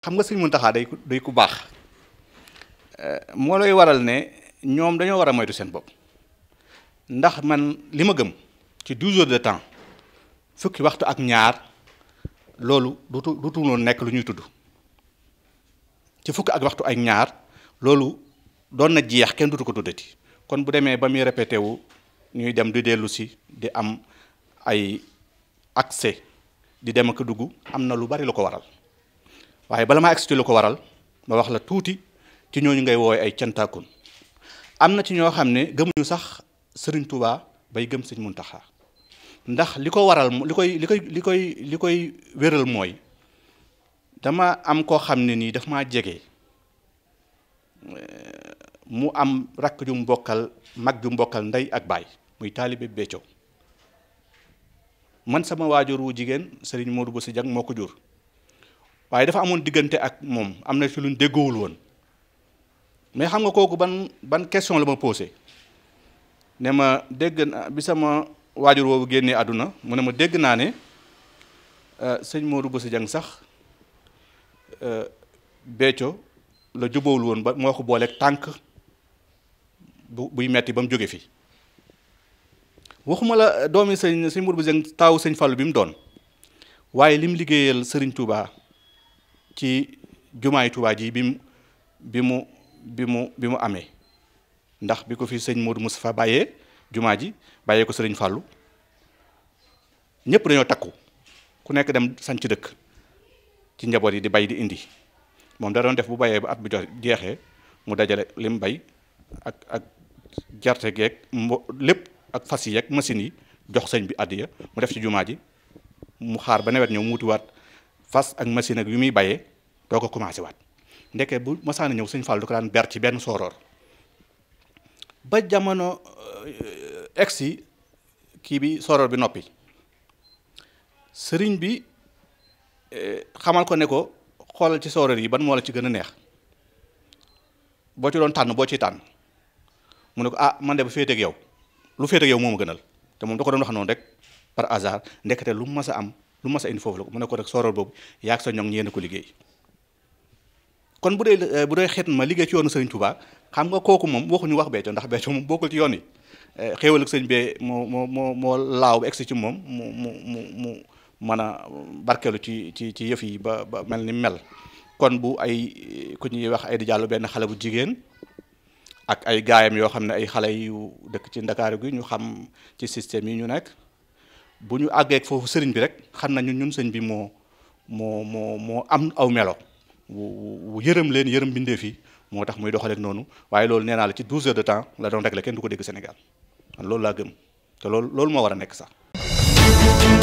xam nga sëñ Muntaxa day day ku baax eh, moo lay waral ne ñoom dañoo war a moytu seen bopp ndax man li ma gëm ci douze heures de temps fukki waxtu ak ñaar loolu dutu dutu nekk lu ñuy tudd ci fukki ak waxtu ak ñaar loolu doon na jeex kenn dutu ko tuddati kon bu demee ba muy répété wu ñuy dem di dellu si di am ay accès di dem ak dugg am na lu bari lu ko waral waaye bala maa expliqué lu ko waral ma wax la tuuti ci ñooñu ngay woowe ay cantaakun am na ci ñoo xam ne gëmuñu sax sëriñ Touba bay gëm sëñ Muntaxa ndax li ko waral li koy li koy li koy li dama am ko xam ne nii daf maa jege mu am rak ju mbokkal mag ju mbokkal ndey ak baay muy taalibe Béthio man sama wajuru wu jigéen sëriñ Modou Bousso Dieng moo jur waaye dafa amoon diggante ak moom am na lu ñu déggoowul woon mais xam nga kooku ban ban question la ma poose ne ma dégg bi sama waajur woowu génnee àdduna mu ne ma dégg naa ne euh, sëñ Modou Bousso Dieng sax euh, Béthio la jubawul woon ba moo ko booleeg tànk bu buy metti ba mu jóge fi waxuma la doomi sëñ sëñ Modou Bousso Dieng taaw sëñ Fallou bi mu doon waaye lim liggéeyal sëriñ Touba ci jumaay Tuubaa ji bi mu bi mu bi mu bi mu amee ndax bi ko fi sëñ mu Moustapha bàyyee jumaa ji bàyyee ko sëriñ Fàllu ñëpp dañoo takku ku nekk dem sanc dëkk ci njaboot yi di bay di indi moom da doon def bu bayee ba at bu jeexee mu dajale li bay ak ak gerte geeg mbo lépp ak fas yi ak machines yi jox sëñ bi àddiya mu def ci jumaa ji mu xaar ba nawet ñëw mu wutiwaat fas ak machine ak yu muy bayee doo ko commencé waat ndeke bu masaana ñëw sëñ faal du ko daan ber ci benn sooroor ba jamono euh, egsi kii bi sooroor bi noppi sëriñ bi euh, xamal ko ne ko xoolal ci sooroor yi ban moo la ci gën a neex boo ci doon tànn boo ciy tànn mu ne ko ah man de bu féeteeg yow lu féeteeg yow moo ma gënal te moom da ko doon wax noonu rek par hasard ndekete lu mu a am lu mas a indi foofu la ko mu ne ko rek soorool boobu yaag sa ñoŋ ñeena ko liggéey kon bu dee eh, bu dee xet ma liggéey ci yoonu sëriñ Touba xam nga kooku moom waxuñu wax Béthio ndax Béthio moom bokkul ci yoon yi eh, xéewal ak sëñ bee moo moo moo moo laaw ba egsi ci moom mu mu mu mu mën a barkeelu ci ci ci yëf yi ba mel ni mel kon bu ay ku ñuy wax ay di jàllu benn xale bu jigéen ak ay gaayam yoo xam ne ay xale yu dëkk ci Ndakaaru gi ñu xam ci système yi ñu nekk bu ñu àggeeg foofu sëriñ bi rek xam nañu ñun sëñ bi moo moo moo moo am aw melo wu yërëm leen yërëm bindee fii moo tax muy doxaleeg noonu waaye loolu nee naa la ci 12 heures de temps la doon réglé kenn du ko dégg Sénégal man loolu laa gëm te loolu loolu moo war a nekk sax